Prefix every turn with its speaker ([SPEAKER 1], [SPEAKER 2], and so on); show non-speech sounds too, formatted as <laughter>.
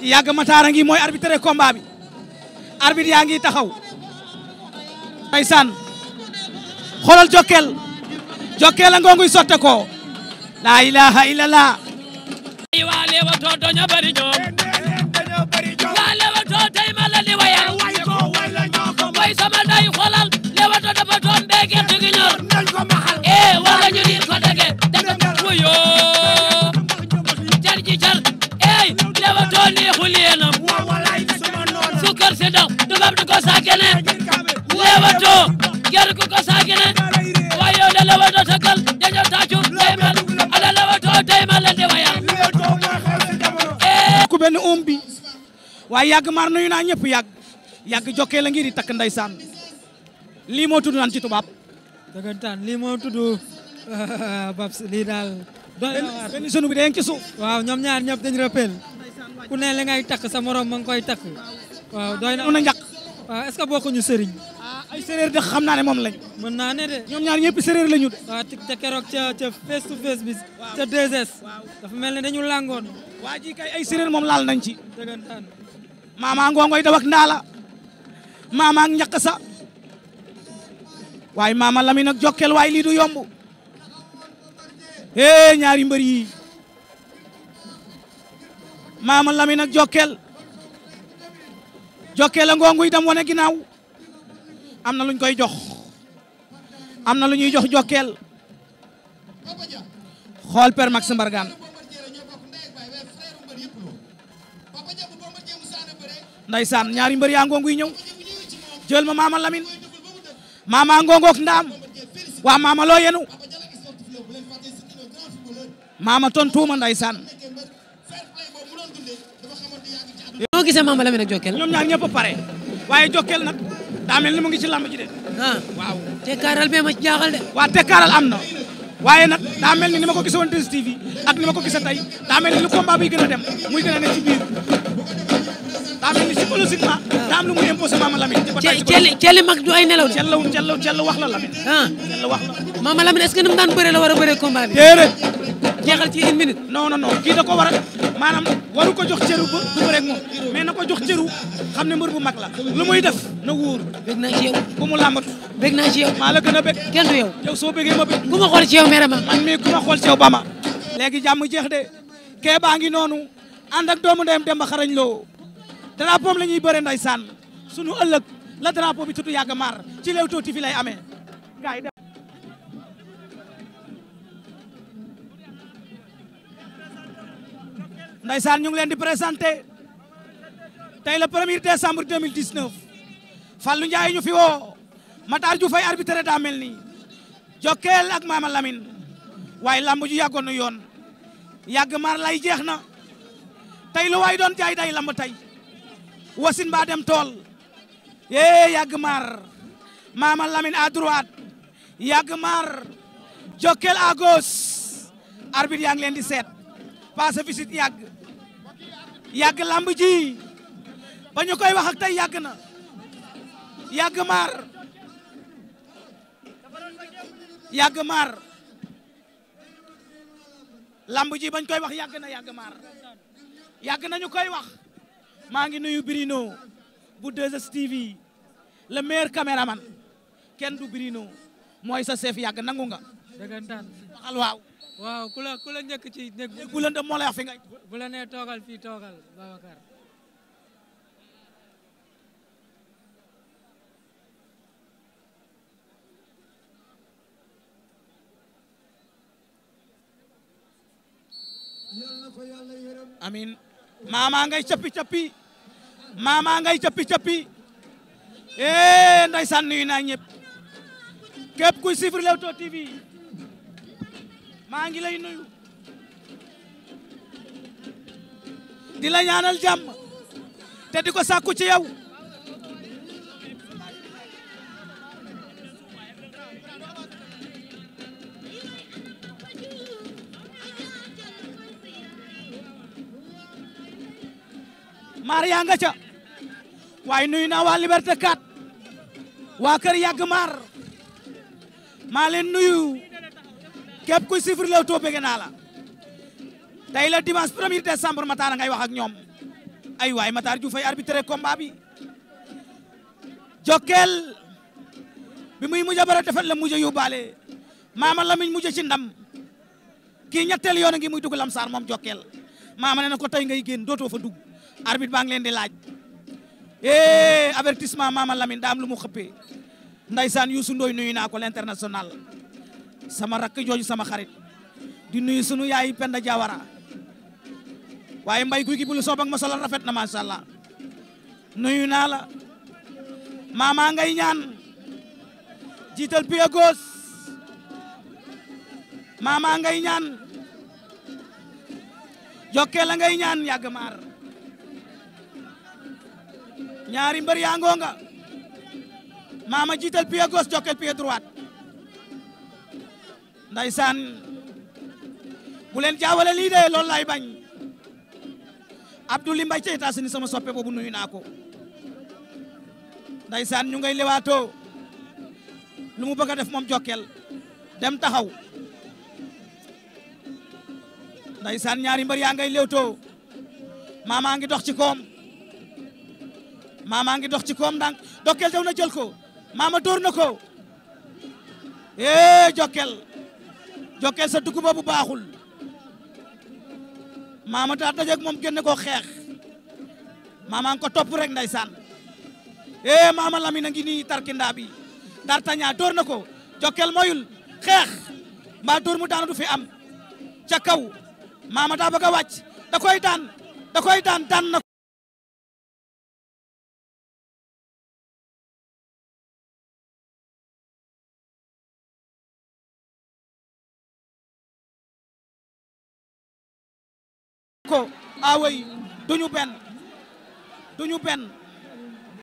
[SPEAKER 1] yàgg mataara ngi mooy arbitre combat bi arbitre yaa ngi taxaw ndeysaan xoolal jokkel jokkel a ngonguy sotte ko la ilaha illallah waa Leewtoo dañoo bari ñoom waa Leewtoo tey ma la ni wayal way sama day xoolal Leewtoo dafa doon mbéy gerte gi ñor kene wayo nde lewoto tegal deño tacum deymal aɗa lewoto deymal e ndewayal ku benn um bi waaye yàgg maar nañu naa ñëpp yàgg yàgg jokkee la ngir di takk ndeysaan lii moo tudd naan ci tubaab dëggantaan lii moo tudd <laughs> babs lii daal benn sunu bi day ci suuf waaw ñoom ñaar ñëpp dañ rappel ku ne la ngay takk sa morom ma ngi koy takk waaw doy na mun a njàq waaw est-ce que bokkuñu sëriñ ay séeréer de xam naa ne moom lañ. mën naa ne de. ñoom ñaar ñëpp séeréer lañu de. waaw te keroog ca ca face to face bi. ca 2S. mel ne dañu làngoon. waa ji kay ay séeréer moom laal nañ ci. dëggantaan. maama ngoongoy daw ak ndaala. maama ak ñàkk sa. waaye maama Lamine ak Jokkel waaye lii du yomb. hee ñaari mbër yii. maama Lamine ak Jokkel. Jokkel a ngoongu wane ginnaaw. am na lu ñu koy jox am na lu ñuy jox jokkeel xool per Max Mbargane ndaysaan ñaari mbër yaa ngonguy ñëw jël ma maama Lamine maama ngongook ndaam waa maama loo yenu maama tontuuma ndaysaan noo gisee maama Lamine ak jokkeel pare waaye jokkeel nag daa mel ni mu ngi ci lamba ji de. Ah. waaw. tekkaaral bee ma ci jaaxal de. waaw tekkaaral am na waaye nag daa mel ni ni ma ko gisoon 2STV ak ni ma ko gisa tey daa mel ni lu combat biy gën a dem muy gën a ne ci biir daa mel ni psychologiquement. waaw daa am lu muy imposé maama Lamine. di ko tey ci Thiel mag du ay nelaw de. Thiel la Thiel wax la Lamine. ah Thiel wax la. maama Lamine est-ce que ni mu daan bëree la war a bëree combat bi. déedéet. jeexal ci une minute. non non kii da ko war a. maanaam waru ko jox cëru ba du moom mais na ko jox cëru xam ne mbër bu mag la lu muy def na wóor bég naa ci bu mu làmbatu bég na ci yow maa la gën a bég kenn du yow yow soo bëggee ma bég ku ma xool ci yow mere ma man mii ku ma xool ci yow ba ma léegi jeex de kee baa ngi noonu ànd ak doomu ndeyam dem ba xarañ loo drapeau am la ñuy bëre ndeysaan sunu ëllëg la drapeau bi tudd yàgg maar ci Leewtoo TV lay amee ndaysaan ñu ngi leen di présenté tey la premier décembre 2019 Fallou Ndiaye ñu fi woo Matar Diouf ay arbitre daa mel nii Jokkel ak Mama Lamine waaye lamb ju yàggoon na yoon yàgg mar lay jeex na tey lu waay doon jaay day lamb tey wasin ba dem tool yee yàgg mar Mama Lamine à droite yàgg mar Jokkel à leen di seet passé visite yàgg yàgg lamb ji ba ñu koy wax ak tey yàgg na yàgg maar yàgg maar lamb ji bañ koy wax yàgg na yàgg maar yàgg nañu koy wax maa ngi nuyu Birino bu 2STV le meilleur caméraman kenn du Birino mooy sa chef yàgg nangu nga. waaw ku la ku njëkk ci nekk bu la moo lay wax fi ngay bu la nee toogal fii toogal Babacar amin mama ngay cappi cappi mama ngay cappi cappi eh ndeysaan naa ñëpp képp kuy suivre Leewtoo TV maa ngi lay nuyu di la ñaanal jàmm te di ko sàkku ci yow maar yaa nga ca waaye nuyu na waa Liberté 4 waa kër yàgg maar maa leen nuyu képp kuy suivre Leewtoo bëgg la tey la dimanche premier décembre Matar ngay wax ak ñoom ay waay Matar Diouf ay arbitré combat bi Jokkel bi muy mujj a defet la mujj a yóbbaale maama Lamine mujj ci ki kii ñetteel yoon a ngi muy dugg Lamsaar moom Jokkel maama nee na ko tey ngay génn dootoo fa dugg arbitre baa ngi leen di laaj eh avertissement maama Lamine daa am lu mu xëppee ndaysaan Youssou Ndoye nuyu naa ko l'international sama rakk jooju sama xarit di nuyu sunu yaay Penda Diawara waaye mbay guy gi bulu soobak ma solal rafet na macha nuyu naa la mama nga ñaan jiital pied gauche mama ngay jokkee la ngay ñaan yàgg maar ñaari mbër ngoo nga mama jiital pied gauche jokkeel pied ndaysaan bu leen jaawale lii de loolu lay bañ Abdoulaye Mbaye ca états ni sama soppe boobu nuyu naa ko saan ñu ngay lewaatoo lu mu bëgg a def moom Jokkel dem taxaw ndaysaan ñaari mbër yaa ngay lewtoo maamaa ngi dox ci koom maamaa ngi dox ci koom ndànk Jokkel daw na jël ko maama dóor ko ee Jokkel jokkeel sa tukku ba bu baaxul maama taa dajeeg moom génne ko xeex maama nga ko topp rek ndeysaan eh maama Lamine a ngi nii tarkindaa bi d'Artagnan door na ko jokkeel moyul xeex mbaa door mu daanu du fi am ca kaw maama taa bëgg a da koy daan da koy daan daan ko away ah duñu benn duñu benn